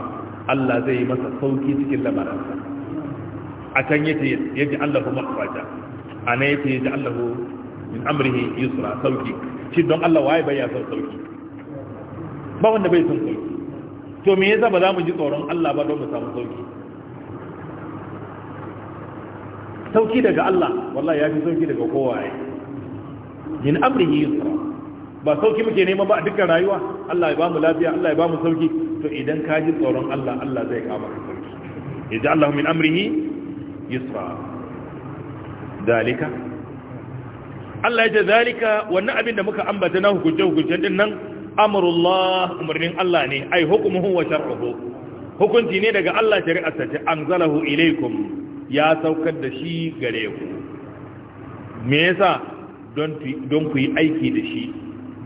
Allah zai masa sauki cikin lamarinsa a can yace yaji Allahu makhraja ana yace yaji Allahu min amrihi yusra sauki shi don Allah waye bai ya son sauki ba wanda bai son sauki to me yasa ba za mu ji tsoron Allah ba don mu samu sauki sauki daga Allah wallahi ya fi sauki daga kowaye min amrihi yusra ba sauki muke nema ba a dukkan rayuwa Allah ya ba mu lafiya Allah ya ba mu sauki to idan ka ji tsoron Allah Allah zai kama ka sauki yaji Allahu min amrihi yusra dalika Allah ya ce zalika wannan abin da muka ambata na hukunce-hukuncen din nan amrullah umarnin Allah ne ai hukumuhu wa sharhu hukunci ne daga Allah shari'ar ta ce anzalahu ilaikum ya saukar da shi gare ku me yasa don don ku yi aiki da shi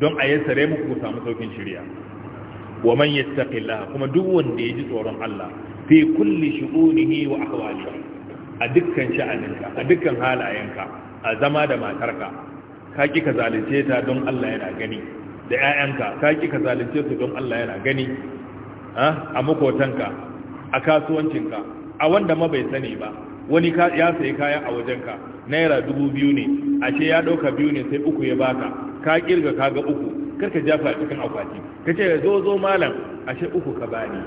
don a yi sare muku ku samu saukin shirya, wa man yattaqillah kuma duk wanda ya ji tsoron Allah fi kulli shu'unihi wa ahwalihi a dukkan sha'aninka a dukkan halayenka a zama da matarka ka ki ka zalunce ta don Allah yana gani da ƴaƴanka ka ki ka zalunce su don Allah yana gani a makotanka a kasuwancinka a wanda ma bai sani ba wani ya sayi kaya a wajenka naira dubu biyu ne ashe ya ɗauka biyu ne sai uku ya baka ka kirga ka ga uku ka jafa a cikin akwati ka ce zo zo malam ashe uku ka bani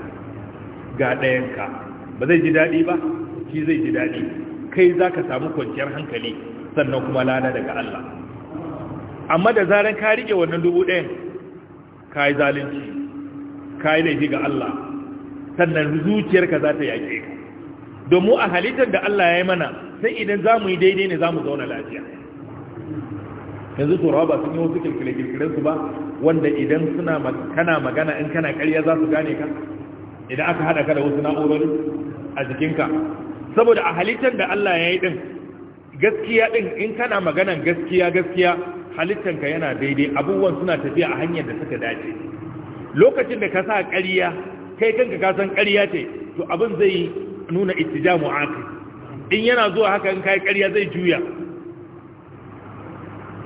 ga ɗayanka ba zai ji daɗi ba shi zai ji daɗi kai za ka samu kwanciyar hankali sannan kuma lana daga Allah amma da zaren ka riƙe wannan dubu ɗayan ka yi zalunci ka yi laifi ga Allah sannan zuciyarka za ta yaƙe ka domin a halittar da Allah ya yi mana sai idan za mu yi daidai ne za mu zauna lafiya yanzu turawa ba sun yi wasu kirkire-kirkiren su ba wanda idan suna kana magana in kana karya za su gane ka idan aka haɗa ka da wasu na'urori a jikinka saboda a halittar da Allah ya yi ɗin, gaskiya ɗin, in kana maganan gaskiya gaskiya halittanka yana daidai abubuwan suna tafiya a hanyar da suka dace lokacin da ka sa ƙariya kai kanka ka san ƙariya ce to abin zai nuna ittija aqi in yana zuwa haka in kai ƙariya zai juya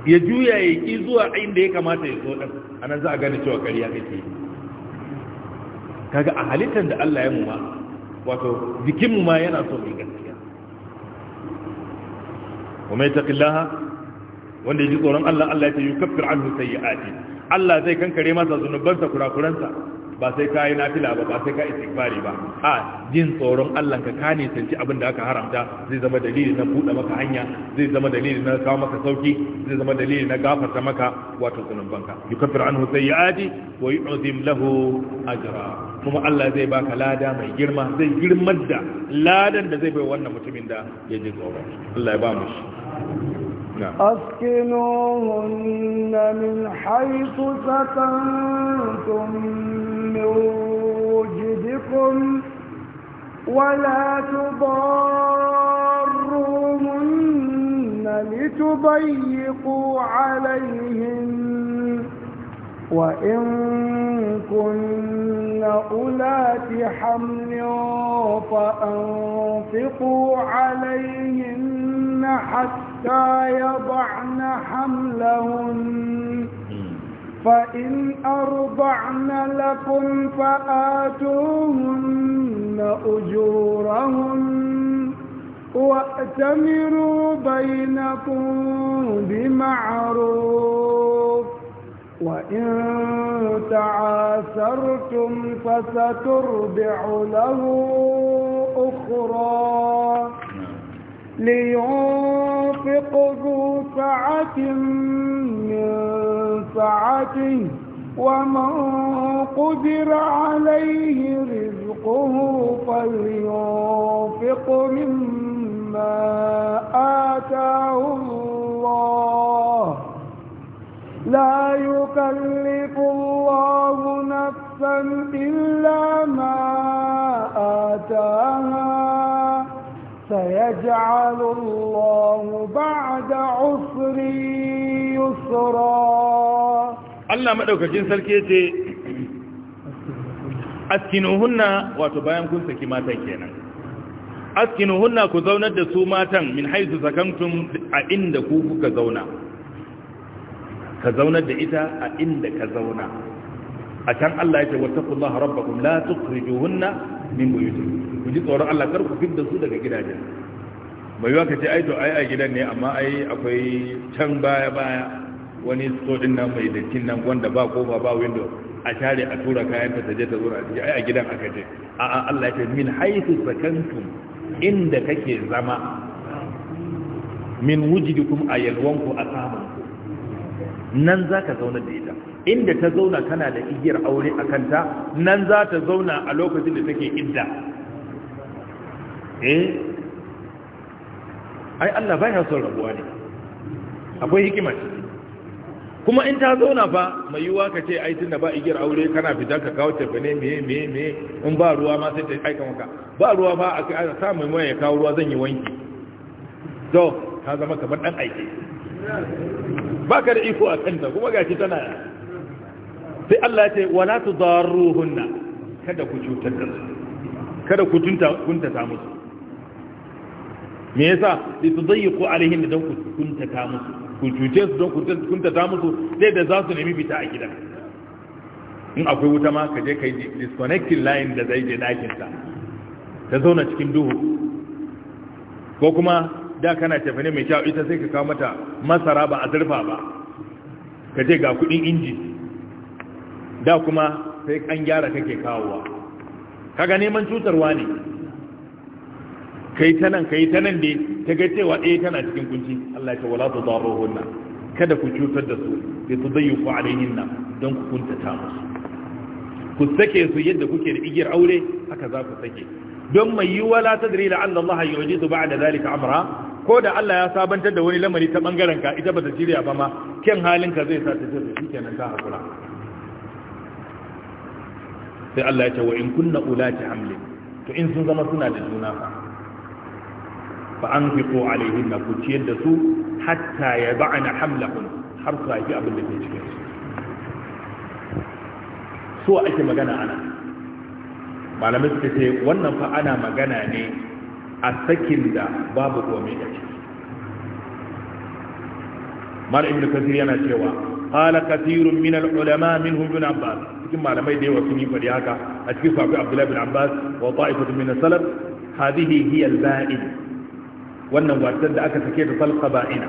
ya juya ya yi zuwa inda ya kamata ya zo a anan za a gane cewa ƙarya kake kaga a halittar da Allah ya mu ma wato jikinmu ma yana so mai gaskiya wa mai taqillaha wanda yaji tsoron Allah Allah ya ce yukaffir anhu sayyi'ati Allah zai kankare masa zunubansa kurakuransa ba sai ka yi nafila ba ba sai ka istighfari ba a jin tsoron Allah ka kane sanci abin da aka haramta zai zama dalili na buɗe maka hanya zai zama dalili na kawo maka sauki zai zama dalili na gafarta maka wato zunubanka yukaffir anhu sayyi'ati wa yu'zim lahu ajra kuma Allah zai baka lada mai girma zai girmar da ladan da zai bai wannan mutumin da ya ji tsoron Allah ya ba mu shi نعم. أسكنوهن من حيث سكنتم من وجدكم ولا تضاروهن لتضيقوا عليهن وإن كن أولات حمل فأنفقوا عليهن حتى يضعن حملهن فإن أرضعن لكم فآتوهن أجورهن وأتمروا بينكم بمعروف وإن تعاسرتم فسترضع له أخرى لينفق ذو سعة من سعته ومن قدر عليه رزقه فلينفق مما آتاه الله لا يكلف الله نفسا إلا ما سيجعل الله بعد عسر يسرا الله مدوكاكين سلكي يتي askinuhunna wato bayan kun saki matan kenan askinuhunna ku zaunar da su matan min haizu sakamtum a inda kuka zauna ka zaunar da ita a inda ka zauna a can Allah ya ce wattaqullaha rabbakum la tukhrijuhunna min buyutikum ku ji tsoron Allah kar ku fidda su daga gidajen bai yiwa ka ce ai to ai a gidan ne amma ai akwai can baya baya wani sodin nan mai dattin nan wanda ba kofa ba window a share a tura kayan ta taje ta zura a ciki ai a gidan aka je. a a Allah ya ce min haythu sakantum inda kake zama min wujidukum ayalwanku asamanku nan zaka zauna da ita inda ta zauna tana da igiyar aure a kanta nan za ta zauna a lokacin da take idda eh ai Allah baya son rabuwa ne akwai hikima kuma in ta zauna fa mai yiwuwa ka ce ai tunda ba igiyar aure kana fita ka kawo tafi ne meye meye meye in ba ruwa ma sai ta aika maka ba ruwa ba a sa mai mai ya kawo ruwa zan yi wanki to ka zama kamar dan aiki. ba ka da iko a kanta kuma gashi tana sai Allah ya ce wala tudarruhunna kada ku cutar da su kada ku tunta kunta ta musu me yasa li tudayyiqu alaihim da ku kunta ta musu ku cuce su don ku kunta ta musu sai da za su nemi bita a gidan in akwai wuta ma ka je kai disconnecting line da zai je dakin sa ta zauna cikin duhu ko kuma da kana tafane mai kyau ita sai ka kawo mata masara ba a zurfa ba ka je ga kudin injin. da kuma sai an gyara kake kawowa kaga neman cutarwa ne kai ta nan kai ta nan ne ta ga cewa ɗaya eh, tana cikin kunci Allah ta wala tudaruhunna kada ku cutar da su sai su dayyuku alaihinna don ku kunta ta musu ku sake su yadda kuke da igiyar aure haka za ku sake don mai yi wala tadri la anna Allah yujizu ba'da zalika amra ko da Allah ya sabantar da wani lamari ta bangaren ka ita ta shirya ba ma kyan halinka zai sa ta ce shi kenan ta hakura sai Allah ya ce wa in kunna ulati hamlin to in sun zama suna da juna fa fa an fi ko alaihin na ku ciyar da su hatta ya ba'ana hamlahun har su haifi abin da ke cikin su so ake magana ana malamai suka ce wannan fa ana magana ne a sakin da babu komai a ciki mar ibn kasir yana cewa qala kathirun min al-ulama minhum ibn abbas cikin malamai da yawa yi fadi haka a cikin sahabi abdullahi ibn abbas wa ta'ifatu min as-salaf hadhihi hiya al-ba'id wannan wasan da aka sake ta salqa ba'ina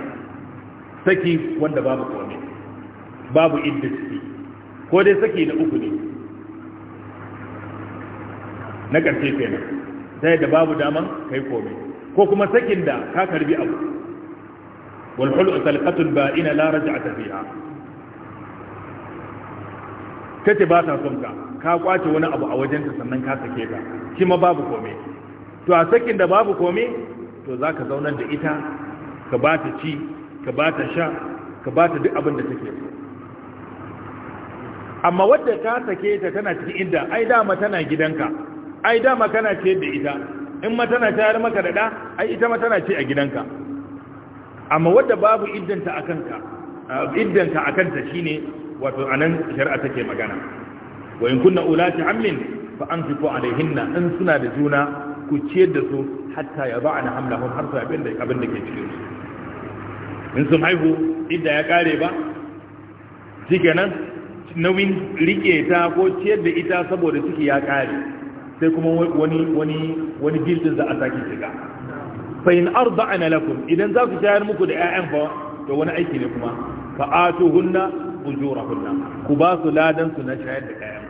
saki wanda babu komai babu idda ciki ko dai saki na uku ne na da babu daman komai ko kuma sakin da ka karbi abu والحلق طلقة بائنة لا رجعة فيها tace ce ba ta son ka ka kwace wani abu a wajenta sannan ka sake ta shi ma babu kome to a sakin da babu kome to za ka zaunar da ita ka ba ta ci ka ba ta sha ka ba ta duk abin da take so amma wadda ka sake ta tana cikin inda ai dama tana gidanka ai dama kana ce da ita in ma tana tayar maka da da ai ita ma tana ce a gidanka amma wadda babu iddanta akan ka iddanta akan ta shine wato anan shari'a take magana wa in kunna ulati ammin fa anfiqu alaihinna in suna da juna ku ciyar da su hatta ya ba'ana hamlahum har su abin da abin da ke cikin su in sun haihu idda ya kare ba shikenan nauyin rike ta ko ciyar da ita saboda ciki ya kare sai kuma wani wani wani bildin za a saki shiga fa in arda'ana lakum idan za ku shayar muku da ƴaƴan fa to wani aiki ne kuma fa atuhunna ujurahunna ku ba su ladan su na shayar da kayan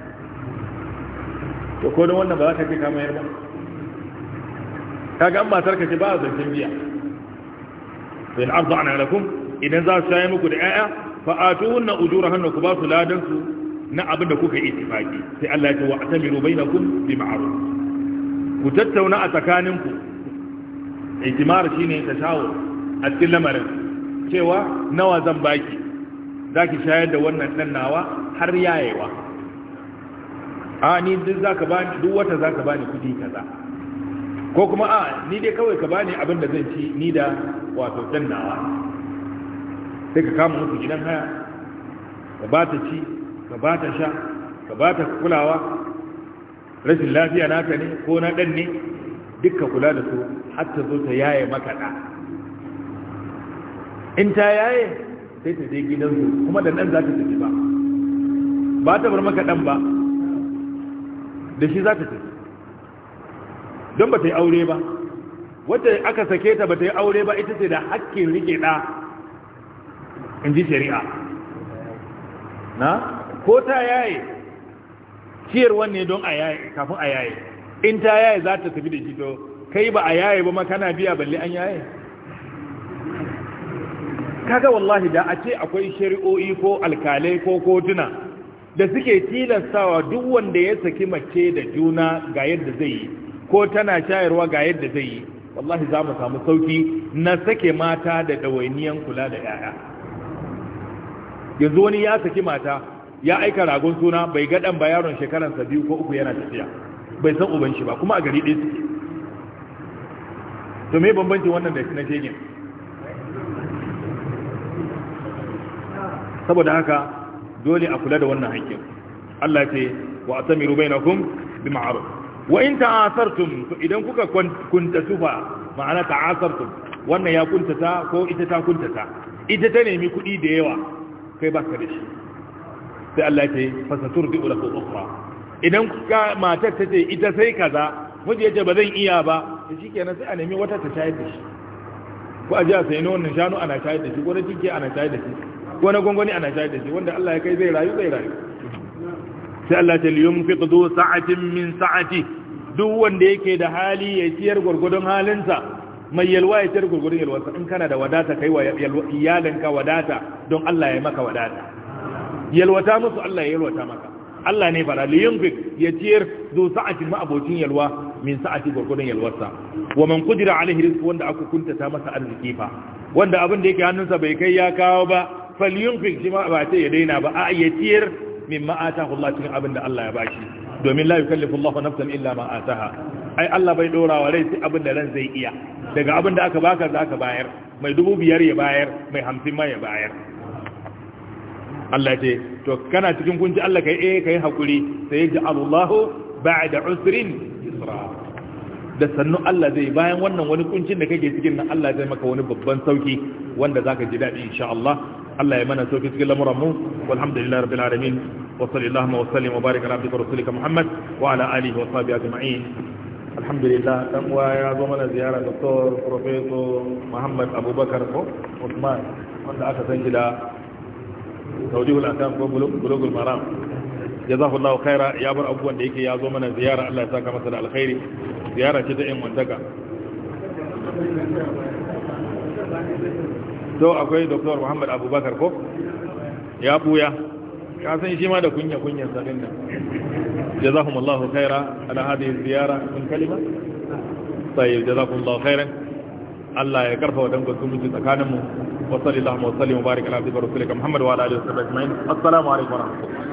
to ko don wannan ba za ka ce kama yarda kaga an matar ka ce ba a zancen biya sai al'arzu ana lakum idan za su shayar muku da 'ya'ya Fa a fa'atuhunna ujurahunna ku ba su ladan su na abin da kuka yi ittifaki sai Allah ya ce wa atamiru bainakum bi ma'ruf ku tattauna a tsakaninku ijtimar shine tashawur a cikin lamarin cewa nawa zan baki za ki shayar da wannan ɗan nawa har yayewa a ni duk za bani duk wata za ka bani kuɗi kaza ko kuma a ni dai kawai ka bani abin da zan ci ni da wato ɗan nawa sai ka kama musu gidan haya ka ba ta ci ka ba ta sha ka ba ta kulawa rashin lafiya naka ne ko na ɗan ne dukka kula da su har ta zo ta yaye maka ɗa in ta yaye sai ta je gidansu kuma da nan za ta tafi ba ba ta bar maka dan ba da shi za ta tafi don ba ta yi aure ba wata aka sake ta ba ta yi aure ba ita ce da hakkin rike ɗa in ji shari'a na ko ta yaye ciyarwan ne don a yaye kafin a yaye in ta yaye za ta tafi da shi to kai ba a yaye ba ma kana biya balle an yaye kaga wallahi da a ce akwai shari'o'i ko alkalai ko kotuna da suke tilastawa duk wanda ya saki mace da juna ga yadda zai yi ko tana shayarwa ga yadda zai yi wallahi za mu samu sauki na sake mata da ɗawainiyan kula da 'ya'ya yanzu wani ya saki mata ya aika ragon suna bai ga ba yaron shekaransa biyu ko uku yana tafiya bai san uban shi ba kuma a gari ɗaya suke to me bambancin wannan da na shegin saboda haka dole a kula da wannan haƙƙin Allah ce wa atamiru bainakum bi ma'ruf wa in ta'asartum idan kuka kunta sufa ma'ana ta'asartum wannan ya kuntata ko ita ta kuntata ita ta nemi kuɗi da yawa kai ba ka da shi sai Allah ce fa di ulaku ukhra idan ka mata ta ce ita sai kaza miji yace ba zan iya ba to shikenan sai a nemi wata ta shayar da shi ko a ji a ne wannan shanu ana shayar da shi ko da kike ana shayar da shi ko na gwangwani ana shayar da shi wanda Allah ya kai zai rayu zai rayu sai Allah ta liyun fi zo sa'atin min sa'ati duk wanda yake da hali ya ciyar gurgudun halinsa mai yalwa ya ciyar gurgudun yalwarsa in kana da wadata kai wa iyalinka wadata don Allah ya maka wadata yalwata musu Allah ya yalwata maka Allah ne fara liyun fi ya ciyar zo sa'atin ma abocin yalwa min sa'ati gurgudun yalwarsa wa man qudira alaihi rizqu wanda aka kuntata masa arziki fa wanda abin da yake hannunsa bai kai ya kawo ba falyunfik shi ba sai ya daina ba a ya min mimma atahu Allah cikin abin da Allah ya bashi domin layu yukallifu Allah nafsan illa ma ataha ai Allah bai dora wa rai sai abin da ran zai iya daga abin da aka baka za ka bayar mai dubu biyar ya bayar mai hamsin ma ya bayar Allah ce to kana cikin kunci Allah kai eh ka yi hakuri sai ya ji Allahu ba'da usrin isra da sannu Allah zai bayan wannan wani kuncin da kake cikin nan Allah zai maka wani babban sauki wanda zaka ji dadi insha Allah Allah ya mana sauki cikin lamuran mu walhamdulillahi rabbil alamin wa sallallahu wa sallim wa barik ala abdika rasulika muhammad wa ala alihi wa sahbihi ajma'in alhamdulillah dan uwa ya zo mana ziyara doktor professor muhammad abubakar ko usman wanda aka san shi da tawjihul akam ko bulugul maram jazahu Allah khaira ya bar abubuwan da yake ya zo mana ziyara Allah ya saka masa da alkhairi ziyara ce ta yan wantaka to akwai dr muhammad abubakar ko ya buya ka san shi ma da kunya kunyan sabin nan jazakumullahu khaira ala hadhihi ziyara min kalima tayyib jazakumullahu khairan Allah ya karfa wadan gwasu mutu tsakaninmu wasu lillahi wa sallim wa ala muhammad wa ala alihi wa assalamu alaikum wa rahmatullahi